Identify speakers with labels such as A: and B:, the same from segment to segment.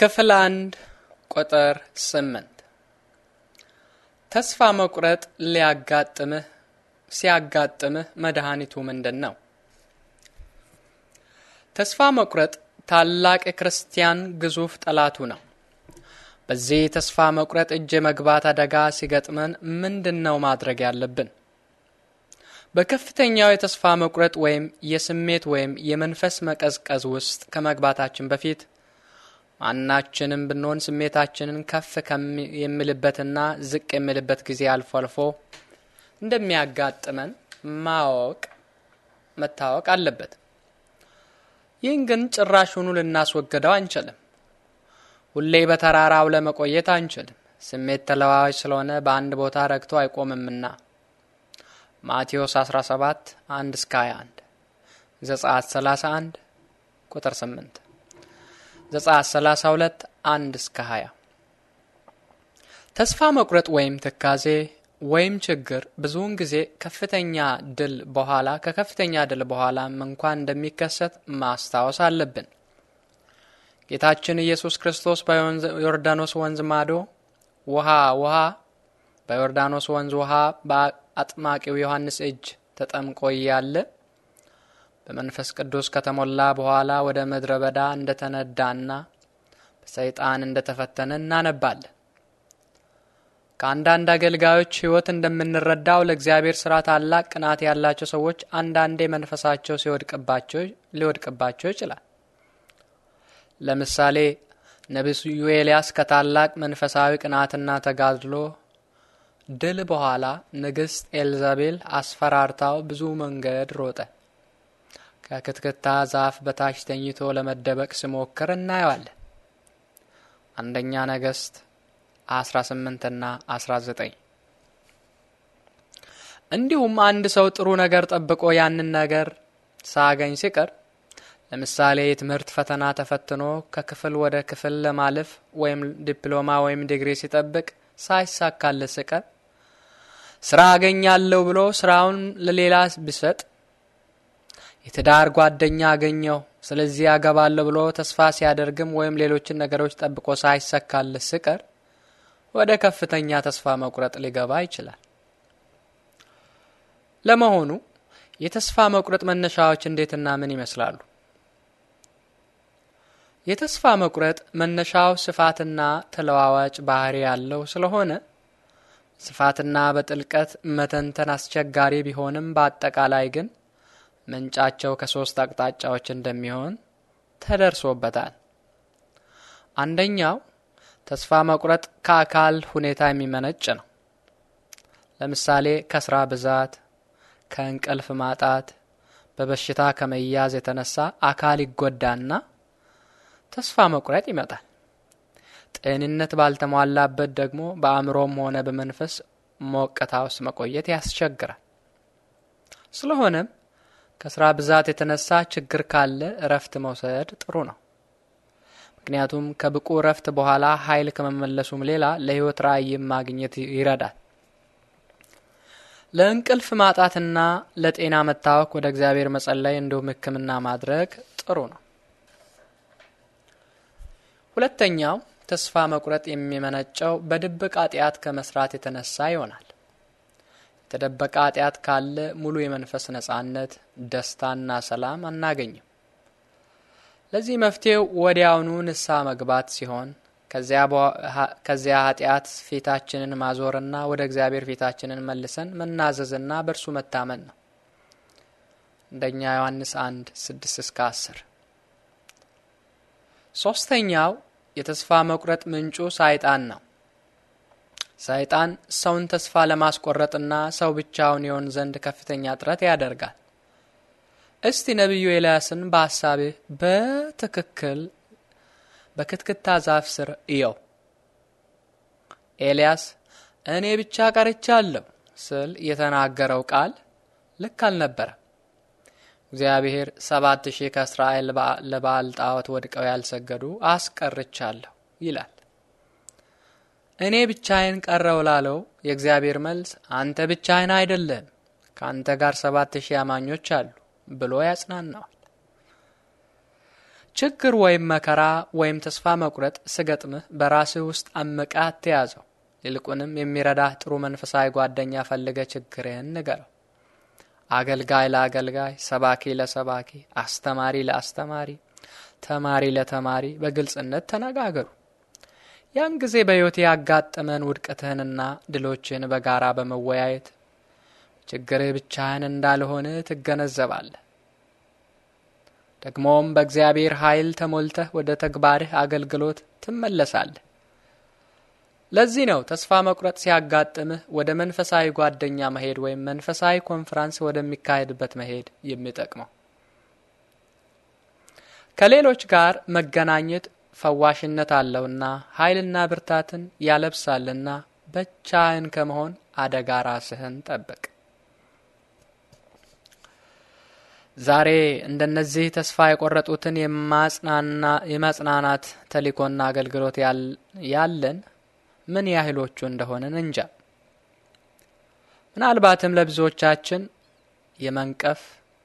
A: ክፍል አንድ ቁጥር ስምንት ተስፋ መቁረጥ ሊያጋጥምህ ሲያጋጥምህ መድኃኒቱ ምንድን ነው? ተስፋ መቁረጥ ታላቅ የክርስቲያን ግዙፍ ጠላቱ ነው። በዚህ ተስፋ መቁረጥ እጅ የመግባት አደጋ ሲገጥመን ምንድን ነው ማድረግ ያለብን? በከፍተኛው የተስፋ መቁረጥ ወይም የስሜት ወይም የመንፈስ መቀዝቀዝ ውስጥ ከመግባታችን በፊት ማናችንም ብንሆን ስሜታችንን ከፍ የሚልበትና ዝቅ የሚልበት ጊዜ አልፎ አልፎ እንደሚያጋጥመን ማወቅ መታወቅ አለበት። ይህን ግን ጭራሹኑ ልናስወግደው አንችልም። ሁሌ በተራራው ለመቆየት አንችልም። ስሜት ተለዋዋጭ ስለሆነ በአንድ ቦታ ረግቶ አይቆምምና ማቴዎስ 17 1 እስከ 21 ዘጸአት 31 ቁጥር 8 ዘጸአት 32 1 እስከ 20 ተስፋ መቁረጥ ወይም ትካዜ ወይም ችግር ብዙውን ጊዜ ከፍተኛ ድል በኋላ ከከፍተኛ ድል በኋላም እንኳን እንደሚከሰት ማስታወስ አለብን። ጌታችን ኢየሱስ ክርስቶስ በዮርዳኖስ ወንዝ ማዶ ውሃ ውሃ በዮርዳኖስ ወንዝ ውሃ በአጥማቂው ዮሐንስ እጅ ተጠምቆ እያለ በመንፈስ ቅዱስ ከተሞላ በኋላ ወደ ምድረ በዳ እንደተነዳና በሰይጣን እንደተፈተነ እናነባለን። ከአንዳንድ አገልጋዮች ሕይወት እንደምንረዳው ለእግዚአብሔር ሥራ ታላቅ ቅናት ያላቸው ሰዎች አንዳንዴ መንፈሳቸው ሊወድቅባቸው ይችላል። ለምሳሌ ነቢዩ ኤልያስ ከታላቅ መንፈሳዊ ቅናትና ተጋድሎ ድል በኋላ ንግሥት ኤልዛቤል አስፈራርታው ብዙ መንገድ ሮጠ። ከክትክታ ዛፍ በታች ተኝቶ ለመደበቅ ሲሞክር እናየዋለን። አንደኛ ነገሥት 18 ና 19 እንዲሁም አንድ ሰው ጥሩ ነገር ጠብቆ ያንን ነገር ሳገኝ ሲቀር ለምሳሌ የትምህርት ፈተና ተፈትኖ ከክፍል ወደ ክፍል ለማለፍ ወይም ዲፕሎማ ወይም ዲግሪ ሲጠብቅ ሳይሳካለት ሲቀር ስራ አገኛለሁ ብሎ ስራውን ለሌላ ቢሰጥ የትዳር ጓደኛ አገኘው ስለዚህ ያገባለሁ ብሎ ተስፋ ሲያደርግም ወይም ሌሎችን ነገሮች ጠብቆ ሳይሰካል ስቀር ወደ ከፍተኛ ተስፋ መቁረጥ ሊገባ ይችላል። ለመሆኑ የተስፋ መቁረጥ መነሻዎች እንዴትና ምን ይመስላሉ? የተስፋ መቁረጥ መነሻው ስፋትና ተለዋዋጭ ባህሪ ያለው ስለሆነ ስፋትና በጥልቀት መተንተን አስቸጋሪ ቢሆንም በአጠቃላይ ግን ምንጫቸው ከሶስት አቅጣጫዎች እንደሚሆን ተደርሶበታል። አንደኛው ተስፋ መቁረጥ ከአካል ሁኔታ የሚመነጭ ነው። ለምሳሌ ከስራ ብዛት፣ ከእንቅልፍ ማጣት፣ በበሽታ ከመያዝ የተነሳ አካል ይጎዳና ተስፋ መቁረጥ ይመጣል። ጤንነት ባልተሟላበት ደግሞ በአእምሮም ሆነ በመንፈስ ሞቅታ ውስጥ መቆየት ያስቸግራል። ስለሆነም ከስራ ብዛት የተነሳ ችግር ካለ እረፍት መውሰድ ጥሩ ነው። ምክንያቱም ከብቁ እረፍት በኋላ ኃይል ከመመለሱም ሌላ ለህይወት ራዕይም ማግኘት ይረዳል። ለእንቅልፍ ማጣትና ለጤና መታወክ ወደ እግዚአብሔር መጸለይ እንዲሁም ሕክምና ማድረግ ጥሩ ነው። ሁለተኛው ተስፋ መቁረጥ የሚመነጨው በድብቅ ኃጢአት ከመስራት የተነሳ ይሆናል። የተደበቀ ኃጢአት ካለ ሙሉ የመንፈስ ነጻነት፣ ደስታና ሰላም አናገኝም። ለዚህ መፍትሄው ወዲያውኑ ንስሐ መግባት ሲሆን ከዚያ ኃጢአት ፊታችንን ማዞርና ወደ እግዚአብሔር ፊታችንን መልሰን መናዘዝና በእርሱ መታመን ነው። አንደኛ ዮሐንስ 1 6 እስከ 10። ሶስተኛው የተስፋ መቁረጥ ምንጩ ሳይጣን ነው። ሰይጣን ሰውን ተስፋ ለማስቆረጥና ሰው ብቻውን ይሆን ዘንድ ከፍተኛ ጥረት ያደርጋል። እስቲ ነቢዩ ኤልያስን በሐሳብህ በትክክል በክትክታ ዛፍ ስር እየው። ኤልያስ እኔ ብቻ ቀርቻለሁ ስል የተናገረው ቃል ልክ አልነበረ። እግዚአብሔር ሰባት ሺህ ከእስራኤል ለበዓል ጣዖት ወድቀው ያልሰገዱ አስቀርቻለሁ ይላል። እኔ ብቻዬን ቀረው ላለው የእግዚአብሔር መልስ አንተ ብቻዬን አይደለም ከአንተ ጋር ሰባት ሺህ አማኞች አሉ ብሎ ያጽናናዋል። ችግር ወይም መከራ ወይም ተስፋ መቁረጥ ስገጥምህ በራስህ ውስጥ አመቃ አትያዘው። ይልቁንም የሚረዳህ ጥሩ መንፈሳዊ ጓደኛ ፈልገ ችግርህን ንገረው። አገልጋይ ለአገልጋይ፣ ሰባኪ ለሰባኪ፣ አስተማሪ ለአስተማሪ፣ ተማሪ ለተማሪ በግልጽነት ተነጋገሩ። ያን ጊዜ በሕይወት ያጋጠመን ውድቀትህንና ድሎችን በጋራ በመወያየት ችግርህ ብቻህን እንዳልሆነ ትገነዘባለህ። ደግሞም በእግዚአብሔር ኃይል ተሞልተህ ወደ ተግባርህ አገልግሎት ትመለሳለህ። ለዚህ ነው ተስፋ መቁረጥ ሲያጋጥምህ ወደ መንፈሳዊ ጓደኛ መሄድ ወይም መንፈሳዊ ኮንፈራንስ ወደሚካሄድበት መሄድ የሚጠቅመው። ከሌሎች ጋር መገናኘት ፈዋሽነት አለውና ኃይልና ብርታትን ያለብሳልና ብቻህን ከመሆን አደጋ ራስህን ጠብቅ። ዛሬ እንደነዚህ ተስፋ የቆረጡትን የማጽናናት ተልእኮና አገልግሎት ያለን ምን ያህሎቹ እንደሆንን እንጃ። ምናልባትም ለብዙዎቻችን የመንቀፍ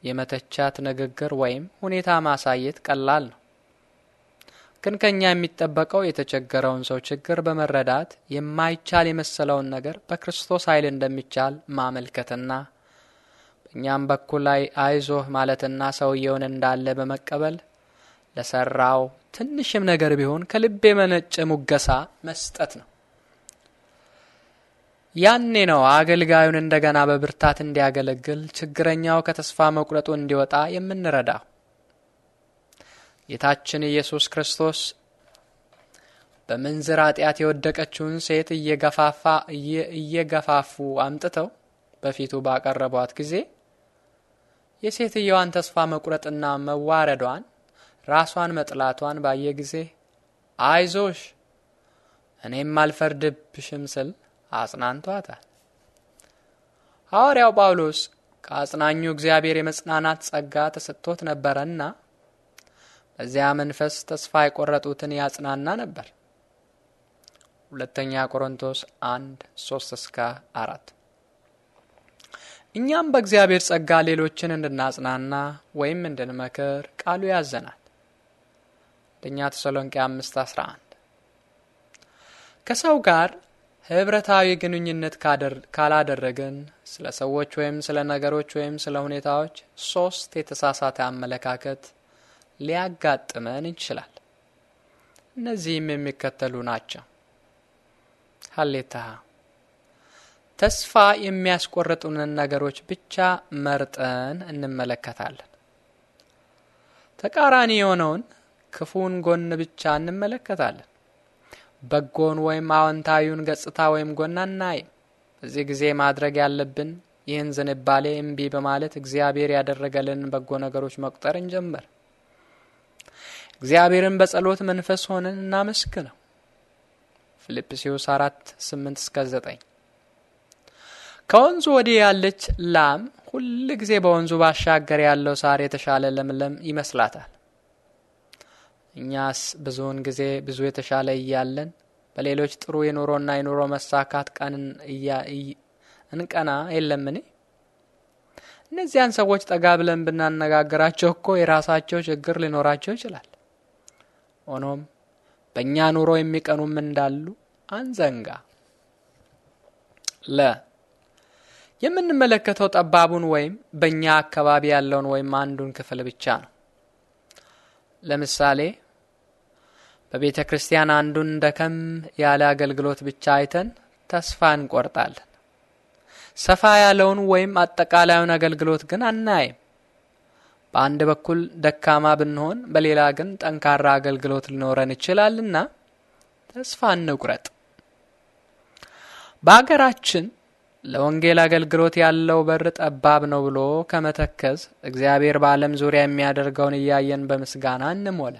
A: የመተቻት ንግግር ወይም ሁኔታ ማሳየት ቀላል ነው። ግን ከእኛ የሚጠበቀው የተቸገረውን ሰው ችግር በመረዳት የማይቻል የመሰለውን ነገር በክርስቶስ ኃይል እንደሚቻል ማመልከትና በእኛም በኩል ላይ አይዞህ ማለትና ሰውየውን እንዳለ በመቀበል ለሰራው ትንሽም ነገር ቢሆን ከልብ የመነጨ ሙገሳ መስጠት ነው። ያኔ ነው አገልጋዩን እንደገና በብርታት እንዲያገለግል፣ ችግረኛው ከተስፋ መቁረጡ እንዲወጣ የምንረዳው። ጌታችን ኢየሱስ ክርስቶስ በምንዝር ኃጢአት የወደቀችውን ሴት እየገፋፋ እየገፋፉ አምጥተው በፊቱ ባቀረቧት ጊዜ የሴትየዋን ተስፋ መቁረጥና መዋረዷን ራሷን መጥላቷን ባየ ጊዜ አይዞሽ እኔም አልፈርድብሽም ስል አጽናንቷታል። ሐዋርያው ጳውሎስ ከአጽናኙ እግዚአብሔር የመጽናናት ጸጋ ተሰጥቶት ነበረና በዚያ መንፈስ ተስፋ የቆረጡትን ያጽናና ነበር። ሁለተኛ ቆሮንቶስ አንድ ሶስት እስከ አራት እኛም በእግዚአብሔር ጸጋ ሌሎችን እንድናጽናና ወይም እንድንመክር ቃሉ ያዘናል። አንደኛ ተሰሎንቄ አምስት አስራ አንድ ከሰው ጋር ህብረታዊ ግንኙነት ካላደረግን ስለ ሰዎች ወይም ስለ ነገሮች ወይም ስለ ሁኔታዎች ሶስት የተሳሳተ አመለካከት ሊያጋጥመን ይችላል። እነዚህም የሚከተሉ ናቸው። ሀሌታ ተስፋ የሚያስቆርጡንን ነገሮች ብቻ መርጠን እንመለከታለን። ተቃራኒ የሆነውን ክፉን ጎን ብቻ እንመለከታለን። በጎን ወይም አዎንታዊውን ገጽታ ወይም ጎን አናይም። በዚህ ጊዜ ማድረግ ያለብን ይህን ዝንባሌ እምቢ በማለት እግዚአብሔር ያደረገልን በጎ ነገሮች መቁጠር እንጀምር። እግዚአብሔርን በጸሎት መንፈስ ሆነን እናመስግነው። ፊልጵስዩስ 4 8 እስከ 9 ከወንዙ ወዲህ ያለች ላም ሁል ጊዜ በወንዙ ባሻገር ያለው ሳር የተሻለ ለምለም ይመስላታል። እኛስ ብዙውን ጊዜ ብዙ የተሻለ እያለን በሌሎች ጥሩ የኑሮና የኑሮ መሳካት ቀን እንቀና የለምን? እነዚያን ሰዎች ጠጋ ብለን ብናነጋግራቸው እኮ የራሳቸው ችግር ሊኖራቸው ይችላል። ሆኖም በእኛ ኑሮ የሚቀኑም እንዳሉ አንዘንጋ። ለ የምንመለከተው ጠባቡን ወይም በእኛ አካባቢ ያለውን ወይም አንዱን ክፍል ብቻ ነው። ለምሳሌ በቤተ ክርስቲያን አንዱን ደከም ያለ አገልግሎት ብቻ አይተን ተስፋ እንቆርጣለን። ሰፋ ያለውን ወይም አጠቃላዩን አገልግሎት ግን አናይም። በአንድ በኩል ደካማ ብንሆን፣ በሌላ ግን ጠንካራ አገልግሎት ሊኖረን ይችላልና ተስፋ እንቁረጥ። በአገራችን ለወንጌል አገልግሎት ያለው በር ጠባብ ነው ብሎ ከመተከዝ እግዚአብሔር በዓለም ዙሪያ የሚያደርገውን እያየን በምስጋና እንሞላ።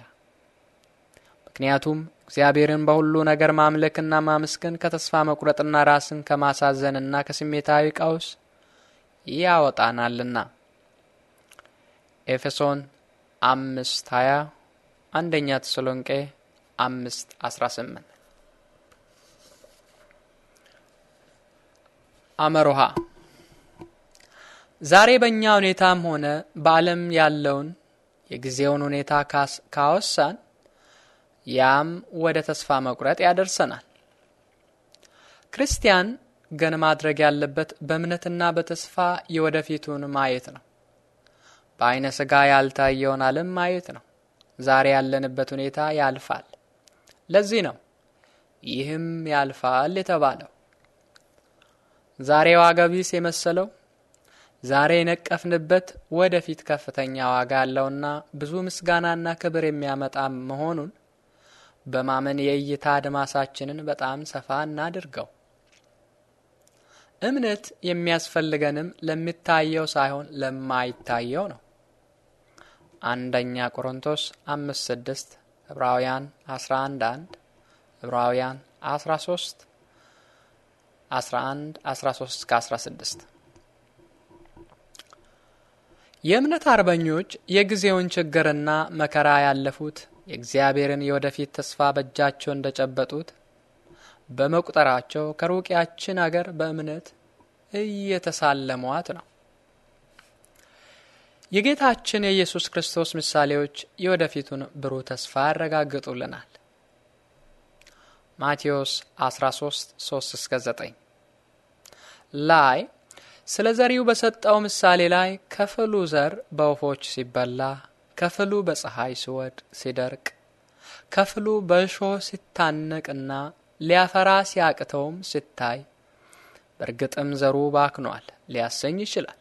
A: ምክንያቱም እግዚአብሔርን በሁሉ ነገር ማምለክና ማመስገን ከተስፋ መቁረጥና ራስን ከማሳዘንና ከስሜታዊ ቀውስ ያወጣናልና። ኤፌሶን አምስት ሀያ አንደኛ ተሰሎንቄ አምስት አስራ ስምንት አመሮሃ ዛሬ በእኛ ሁኔታም ሆነ በዓለም ያለውን የጊዜውን ሁኔታ ካወሳን ያም ወደ ተስፋ መቁረጥ ያደርሰናል። ክርስቲያን ገን ማድረግ ያለበት በእምነትና በተስፋ የወደፊቱን ማየት ነው። በአይነ ስጋ ያልታየውን ዓለም ማየት ነው። ዛሬ ያለንበት ሁኔታ ያልፋል። ለዚህ ነው ይህም ያልፋል የተባለው። ዛሬ ዋጋ ቢስ የመሰለው ዛሬ የነቀፍንበት ወደፊት ከፍተኛ ዋጋ ያለውና ብዙ ምስጋናና ክብር የሚያመጣ መሆኑን በማመን የእይታ አድማሳችንን በጣም ሰፋ እናድርገው። እምነት የሚያስፈልገንም ለሚታየው ሳይሆን ለማይታየው ነው። አንደኛ ቆሮንቶስ አምስት ስድስት ዕብራውያን አስራ አንድ አንድ ዕብራውያን አስራ ሶስት አስራ አንድ አስራ ሶስት እስከ አስራ ስድስት የእምነት አርበኞች የጊዜውን ችግርና መከራ ያለፉት የእግዚአብሔርን የወደፊት ተስፋ በእጃቸው እንደጨበጡት በመቁጠራቸው ከሩቅያችን አገር በእምነት እየተሳለሟት ነው። የጌታችን የኢየሱስ ክርስቶስ ምሳሌዎች የወደፊቱን ብሩህ ተስፋ ያረጋግጡልናል። ማቴዎስ 13 3 እስከ 9 ላይ ስለ ዘሪው በሰጠው ምሳሌ ላይ ከፍሉ ዘር በወፎች ሲበላ፣ ከፍሉ በፀሐይ ሲወድ ሲደርቅ፣ ከፍሉ በእሾህ ሲታነቅና ሊያፈራ ሲያቅተውም ሲታይ፣ በእርግጥም ዘሩ ባክኗል ሊያሰኝ ይችላል።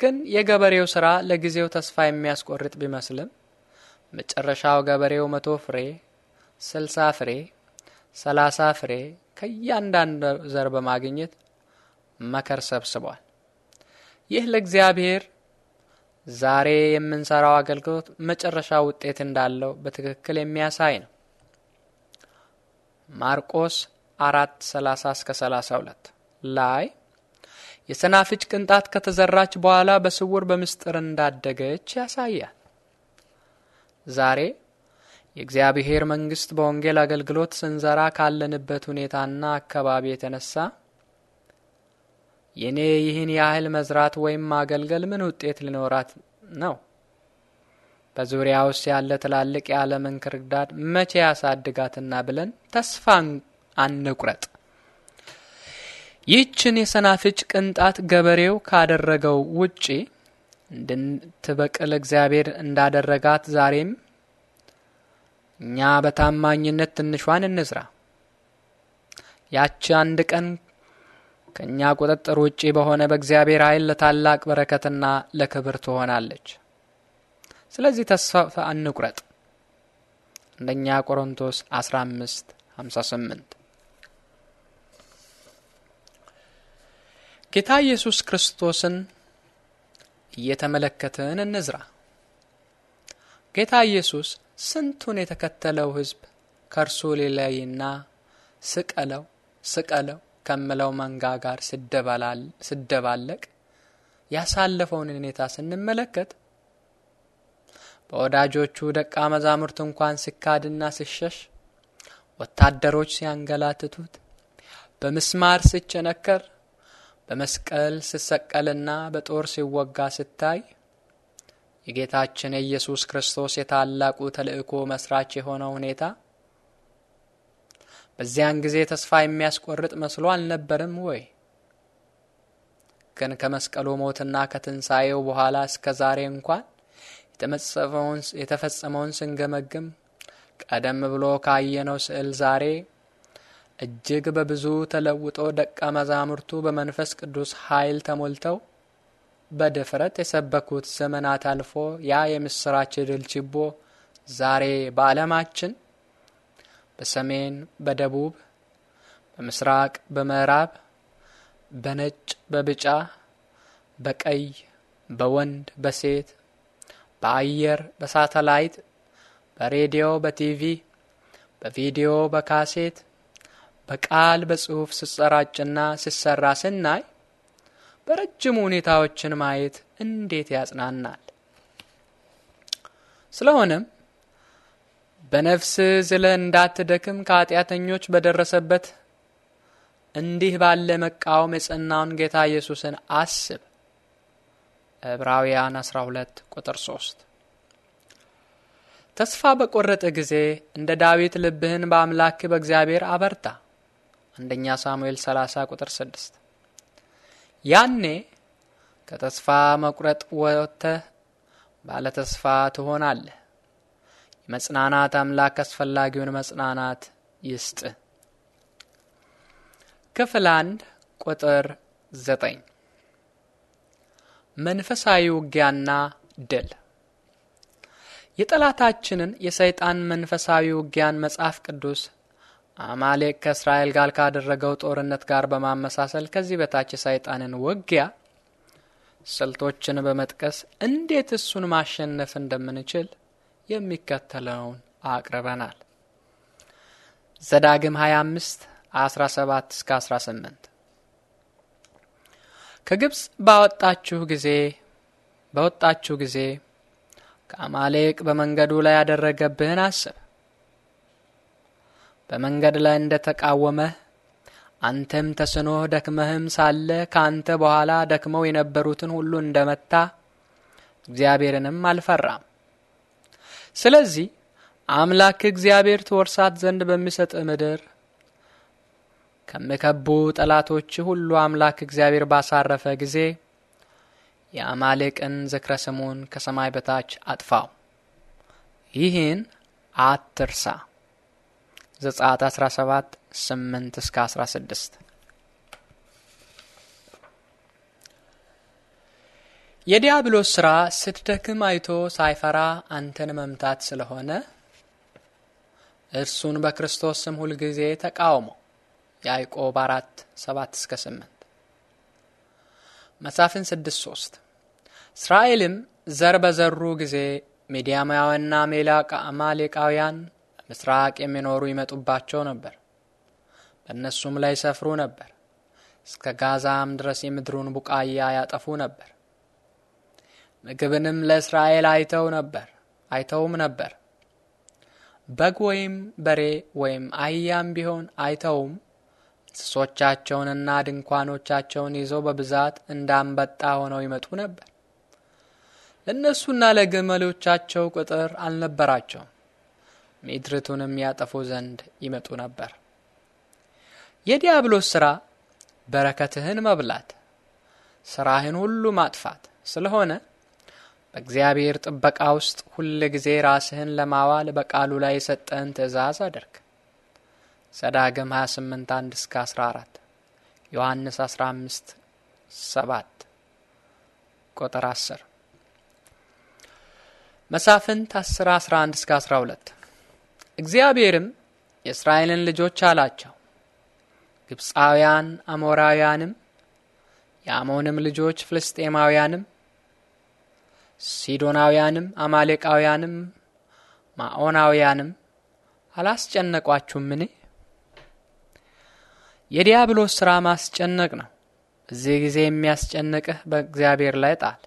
A: ግን የገበሬው ሥራ ለጊዜው ተስፋ የሚያስቆርጥ ቢመስልም መጨረሻው ገበሬው መቶ ፍሬ፣ ስልሳ ፍሬ፣ ሰላሳ ፍሬ ከእያንዳንዱ ዘር በማግኘት መከር ሰብስቧል። ይህ ለእግዚአብሔር ዛሬ የምንሰራው አገልግሎት መጨረሻ ውጤት እንዳለው በትክክል የሚያሳይ ነው። ማርቆስ አራት ሰላሳ እስከ ሰላሳ ሁለት ላይ የሰናፍጭ ቅንጣት ከተዘራች በኋላ በስውር በምስጢር እንዳደገች ያሳያል። ዛሬ የእግዚአብሔር መንግስት በወንጌል አገልግሎት ስንዘራ ካለንበት ሁኔታና አካባቢ የተነሳ የእኔ ይህን ያህል መዝራት ወይም ማገልገል ምን ውጤት ሊኖራት ነው? በዙሪያ ውስጥ ያለ ትላልቅ የዓለም መንክርዳድ መቼ ያሳድጋትና ብለን ተስፋ አንቁረጥ። ይህችን የሰናፍጭ ቅንጣት ገበሬው ካደረገው ውጪ እንድትበቅል እግዚአብሔር እንዳደረጋት ዛሬም እኛ በታማኝነት ትንሿን እንዝራ። ያቺ አንድ ቀን ከእኛ ቁጥጥር ውጪ በሆነ በእግዚአብሔር ኃይል ለታላቅ በረከትና ለክብር ትሆናለች። ስለዚህ ተስፋ አንቁረጥ። አንደኛ ቆሮንቶስ 15 58 ጌታ ኢየሱስ ክርስቶስን እየተመለከትን እንዝራ። ጌታ ኢየሱስ ስንቱን የተከተለው ሕዝብ ከእርሱ ሌላይና ስቀለው ስቀለው ከምለው መንጋ ጋር ስደባለቅ ያሳለፈውን ሁኔታ ስንመለከት በወዳጆቹ ደቀ መዛሙርት እንኳን ሲካድና ሲሸሽ፣ ወታደሮች ሲያንገላትቱት፣ በምስማር ሲቸነከር በመስቀል ሲሰቀልና በጦር ሲወጋ ስታይ የጌታችን የኢየሱስ ክርስቶስ የታላቁ ተልእኮ መስራች የሆነው ሁኔታ በዚያን ጊዜ ተስፋ የሚያስቆርጥ መስሎ አልነበርም ወይ? ግን ከመስቀሉ ሞትና ከትንሣኤው በኋላ እስከ ዛሬ እንኳን የተፈጸመውን ስንገመግም ቀደም ብሎ ካየነው ስዕል ዛሬ እጅግ በብዙ ተለውጦ ደቀ መዛሙርቱ በመንፈስ ቅዱስ ኃይል ተሞልተው በድፍረት የሰበኩት ዘመናት አልፎ ያ የምስራች ድል ችቦ ዛሬ በዓለማችን በሰሜን፣ በደቡብ፣ በምስራቅ፣ በምዕራብ፣ በነጭ፣ በቢጫ፣ በቀይ፣ በወንድ፣ በሴት፣ በአየር፣ በሳተላይት፣ በሬዲዮ፣ በቲቪ፣ በቪዲዮ፣ በካሴት በቃል በጽሑፍ ስጸራጭና ስሰራ ስናይ በረጅሙ ሁኔታዎችን ማየት እንዴት ያጽናናል። ስለሆነም በነፍስ ዝለ እንዳትደክም ከኃጢአተኞች በደረሰበት እንዲህ ባለ መቃወም የጸናውን ጌታ ኢየሱስን አስብ። ዕብራውያን 12 ቁጥር 3 ተስፋ በቆረጠ ጊዜ እንደ ዳዊት ልብህን በአምላክ በእግዚአብሔር አበርታ። አንደኛ ሳሙኤል 30 ቁጥር 6። ያኔ ከተስፋ መቁረጥ ወጥተህ ባለ ተስፋ ትሆናለህ። የመጽናናት አምላክ አስፈላጊውን መጽናናት ይስጥ። ክፍል አንድ ቁጥር 9 መንፈሳዊ ውጊያና ድል የጠላታችንን የሰይጣን መንፈሳዊ ውጊያን መጽሐፍ ቅዱስ አማሌቅ ከእስራኤል ጋር ካደረገው ጦርነት ጋር በማመሳሰል ከዚህ በታች የሳይጣንን ውጊያ ስልቶችን በመጥቀስ እንዴት እሱን ማሸነፍ እንደምንችል የሚከተለውን አቅርበናል። ዘዳግም 25 17 እስከ 18 ከግብፅ ባወጣችሁ ጊዜ በወጣችሁ ጊዜ ከአማሌቅ በመንገዱ ላይ ያደረገብህን አስብ። በመንገድ ላይ እንደ ተቃወመህ አንተም ተስኖ ደክመህም ሳለ ከአንተ በኋላ ደክመው የነበሩትን ሁሉ እንደ መታ እግዚአብሔርንም አልፈራም። ስለዚህ አምላክ እግዚአብሔር ትወርሳት ዘንድ በሚሰጥ ምድር ከሚከቡ ጠላቶች ሁሉ አምላክ እግዚአብሔር ባሳረፈ ጊዜ የአማሌቅን ዝክረ ስሙን ከሰማይ በታች አጥፋው። ይህን አትርሳ። ዘጸአት 17 8 እስከ 16 የዲያብሎስ ስራ ስትደክም አይቶ ሳይፈራ አንተን መምታት ስለሆነ እርሱን በክርስቶስ ስም ሁልጊዜ ተቃውሞ ያዕቆብ 4 7 እስከ 8 መሳፍን 6 3 እስራኤልም ዘር በዘሩ ጊዜ ሚዲያማውያንና አማሌቃውያን ምስራቅ የሚኖሩ ይመጡባቸው ነበር፣ በእነሱም ላይ ሰፍሩ ነበር። እስከ ጋዛም ድረስ የምድሩን ቡቃያ ያጠፉ ነበር። ምግብንም ለእስራኤል አይተው ነበር አይተውም ነበር። በግ ወይም በሬ ወይም አህያም ቢሆን አይተውም። እንስሶቻቸውንና ድንኳኖቻቸውን ይዘው በብዛት እንዳንበጣ ሆነው ይመጡ ነበር። ለእነሱና ለግመሎቻቸው ቁጥር አልነበራቸውም። ምድርቱንም ያጠፉ ዘንድ ይመጡ ነበር። የዲያብሎስ ሥራ በረከትህን መብላት፣ ሥራህን ሁሉ ማጥፋት ስለሆነ በእግዚአብሔር ጥበቃ ውስጥ ሁል ጊዜ ራስህን ለማዋል በቃሉ ላይ የሰጠህን ትእዛዝ አድርግ። ዘዳግም 28 1 እስከ 14 ዮሐንስ 15 7 ቁጥር 10 መሳፍንት 10 11 እስከ 12 እግዚአብሔርም የእስራኤልን ልጆች አላቸው፣ ግብፃውያን፣ አሞራውያንም፣ የአሞንም ልጆች ፍልስጤማውያንም፣ ሲዶናውያንም፣ አማሌቃውያንም፣ ማዖናውያንም አላስጨነቋችሁምን? የዲያብሎስ ሥራ ማስጨነቅ ነው። እዚህ ጊዜ የሚያስጨንቅህ በእግዚአብሔር ላይ ጣል።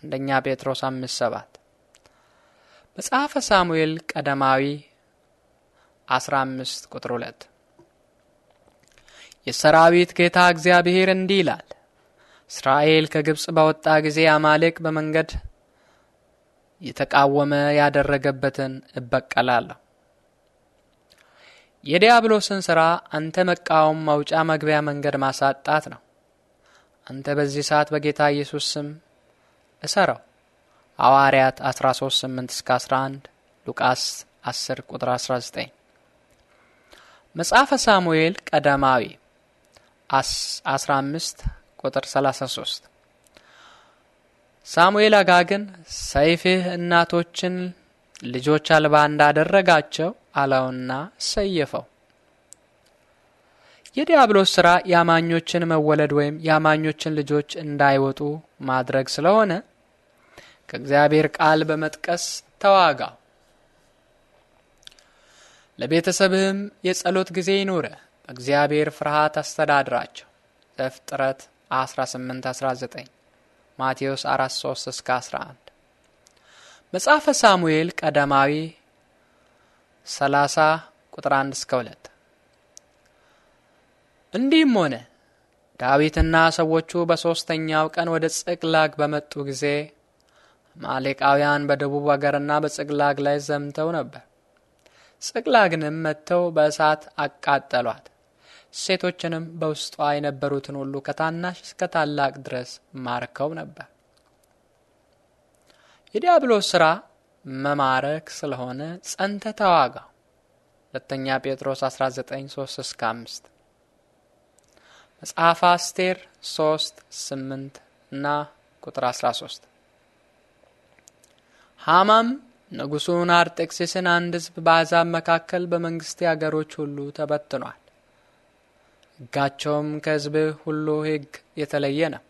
A: አንደኛ ጴጥሮስ አምስት ሰባት መጽሐፈ ሳሙኤል ቀደማዊ 15 ቁጥር 2 የሰራዊት ጌታ እግዚአብሔር እንዲህ ይላል፣ እስራኤል ከግብፅ በወጣ ጊዜ አማሌቅ በመንገድ የተቃወመ ያደረገበትን እበቀላለሁ። የዲያብሎስን ሥራ አንተ መቃወም መውጫ መግቢያ መንገድ ማሳጣት ነው። አንተ በዚህ ሰዓት በጌታ ኢየሱስ ስም እሰረው። ሐዋርያት 13 8 እስከ 11 ሉቃስ 10 ቁጥር 19 መጽሐፈ ሳሙኤል ቀዳማዊ 15 ቁጥር 33 ሳሙኤል አጋግን ሰይፍህ እናቶችን ልጆች አልባ እንዳደረጋቸው አለውና ሰየፈው። የዲያብሎስ ሥራ የአማኞችን መወለድ ወይም የአማኞችን ልጆች እንዳይወጡ ማድረግ ስለሆነ ከእግዚአብሔር ቃል በመጥቀስ ተዋጋው። ለቤተሰብህም የጸሎት ጊዜ ይኑረ በእግዚአብሔር ፍርሃት አስተዳድራቸው። ዘፍጥረት 1819 ማቴዎስ 43 11 መጽሐፈ ሳሙኤል ቀዳማዊ 30 ቁጥር 1 እስከ 2 እንዲህም ሆነ ዳዊትና ሰዎቹ በሦስተኛው ቀን ወደ ጽቅላግ በመጡ ጊዜ አማሌቃውያን በደቡብ አገርና በጽቅላግ ላይ ዘምተው ነበር። ጽቅላግንም መጥተው በእሳት አቃጠሏት። ሴቶችንም በውስጧ የነበሩትን ሁሉ ከታናሽ እስከ ታላቅ ድረስ ማርከው ነበር። የዲያብሎስ ሥራ መማረክ ስለሆነ ጸንተ ተዋጋ። ሁለተኛ ጴጥሮስ 19፥3 እስከ 5 መጽሐፈ አስቴር 3 8 እና ቁጥር 13 ሃማም ንጉሡን አርጤክስስን አንድ ሕዝብ በአሕዛብ መካከል በመንግሥቴ አገሮች ሁሉ ተበትኗል። ሕጋቸውም ከሕዝብ ሁሉ ሕግ የተለየ ነው።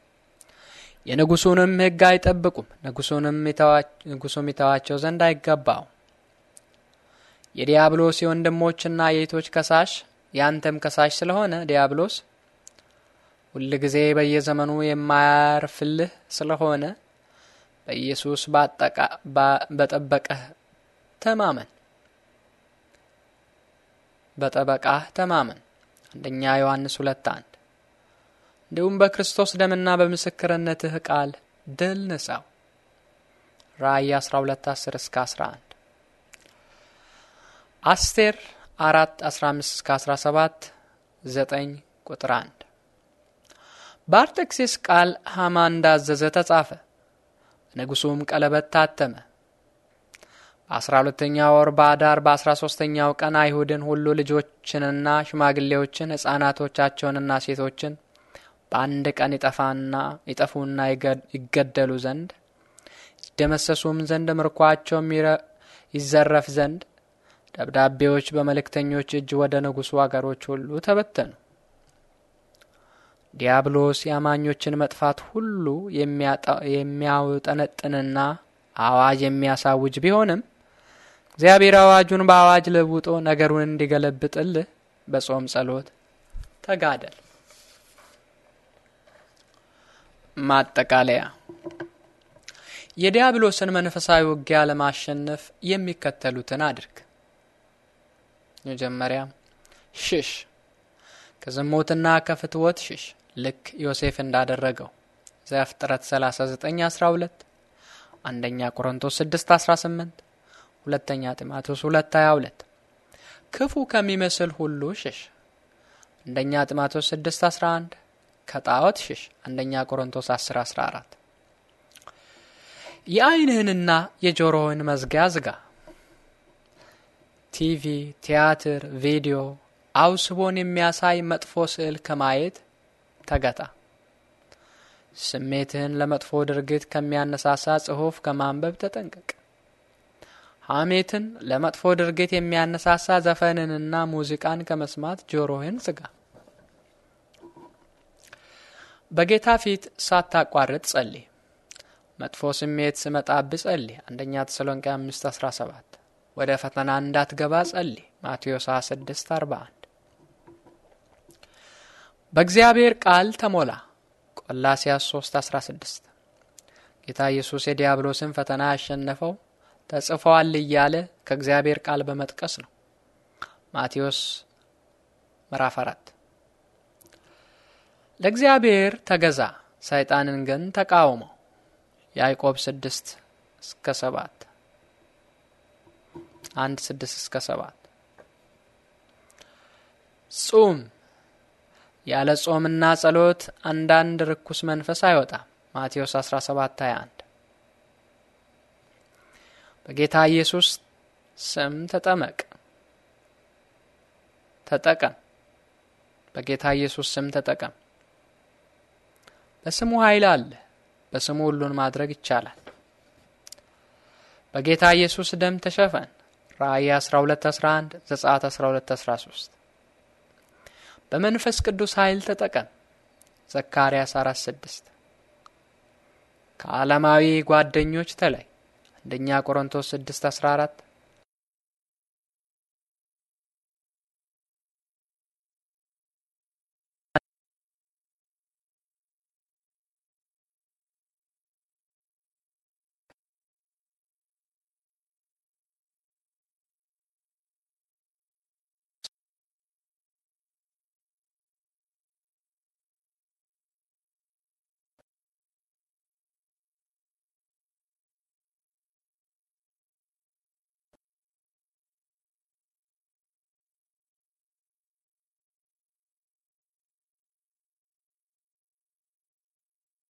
A: የንጉሡንም ሕግ አይጠብቁም። ንጉሡም ይተዋቸው ዘንድ አይገባውም። የዲያብሎስ የወንድሞችና የእህቶች ከሳሽ የአንተም ከሳሽ ስለሆነ ዲያብሎስ ጊዜ በየዘመኑ የማያርፍልህ ስለሆነ በኢየሱስ በጠበቀህ ተማመን በጠበቃህ ተማመን። አንደኛ ዮሐንስ ሁለት አንድ እንዲሁም በክርስቶስ ደምና በምስክርነትህ ቃል ድል ንሳው። ራእይ 12 10 እስከ 11 አስቴር 4 15 እስከ 17 9 ቁጥር 1 በአርጤክስስ ቃል ሃማ እንዳዘዘ ተጻፈ። ንጉሱም ቀለበት ታተመ። በአስራ ሁለተኛ ወር በአዳር በአስራ ሶስተኛው ቀን አይሁድን ሁሉ ልጆችንና ሽማግሌዎችን ሕፃናቶቻቸውንና ሴቶችን በአንድ ቀን ይጠፋና ይጠፉና ይገደሉ ዘንድ ይደመሰሱም ዘንድ ምርኳቸውም ይዘረፍ ዘንድ ደብዳቤዎች በመልእክተኞች እጅ ወደ ንጉሱ አገሮች ሁሉ ተበተኑ። ዲያብሎስ የአማኞችን መጥፋት ሁሉ የሚያውጠነጥንና አዋጅ የሚያሳውጅ ቢሆንም እግዚአብሔር አዋጁን በአዋጅ ለውጦ ነገሩን እንዲገለብጥልህ በጾም ጸሎት ተጋደል። ማጠቃለያ የዲያብሎስን መንፈሳዊ ውጊያ ለማሸነፍ የሚከተሉትን አድርግ። መጀመሪያ ሽሽ፣ ከዝሙትና ከፍትወት ሽሽ። ልክ ዮሴፍ እንዳደረገው ዘፍጥረት 39:12 አንደኛ ቆሮንቶስ 6:18 ሁለተኛ ጢሞቴዎስ 2:22 ክፉ ከሚመስል ሁሉ ሽሽ አንደኛ ጢሞቴዎስ 6:11 ከጣዖት ሽሽ አንደኛ ቆሮንቶስ 10:14 የአይንህንና የጆሮህን መዝጊያ ዝጋ። ቲቪ፣ ቲያትር፣ ቪዲዮ አውስቦን የሚያሳይ መጥፎ ስዕል ከማየት ተገታ። ስሜትህን ለመጥፎ ድርጊት ከሚያነሳሳ ጽሑፍ ከማንበብ ተጠንቀቅ። ሐሜትን ለመጥፎ ድርጊት የሚያነሳሳ ዘፈንንና ሙዚቃን ከመስማት ጆሮህን ዝጋ። በጌታ ፊት ሳታቋርጥ ጸልይ። መጥፎ ስሜት ስመጣብ ጸልይ። አንደኛ ተሰሎንቄ 5 17 ወደ ፈተና እንዳትገባ ጸልይ። ማቴዎስ 26 41 በእግዚአብሔር ቃል ተሞላ። ቆላስያስ 16 ጌታ ኢየሱስ የዲያብሎስን ፈተና ያሸነፈው ተጽፈዋል እያለ ከእግዚአብሔር ቃል በመጥቀስ ነው። ማቴዎስ ምዕራፍ 4 ለእግዚአብሔር ተገዛ፣ ሰይጣንን ግን ተቃወመው። ያዕቆብ 6 እስከ 7 1 6 እስከ 7 ጹም ያለ ጾምና ጸሎት አንዳንድ ርኩስ መንፈስ አይወጣም። ማቴዎስ 17 21 በጌታ ኢየሱስ ስም ተጠመቅ ተጠቀም። በጌታ ኢየሱስ ስም ተጠቀም። በስሙ ኃይል አለ። በስሙ ሁሉን ማድረግ ይቻላል። በጌታ ኢየሱስ ደም ተሸፈን። ራእይ 12 11 ዘጸአት 12 13 በመንፈስ ቅዱስ ኃይል ተጠቀም። ዘካርያስ 4፥6 ከዓለማዊ ጓደኞች ተለይ። አንደኛ ቆሮንቶስ 6:14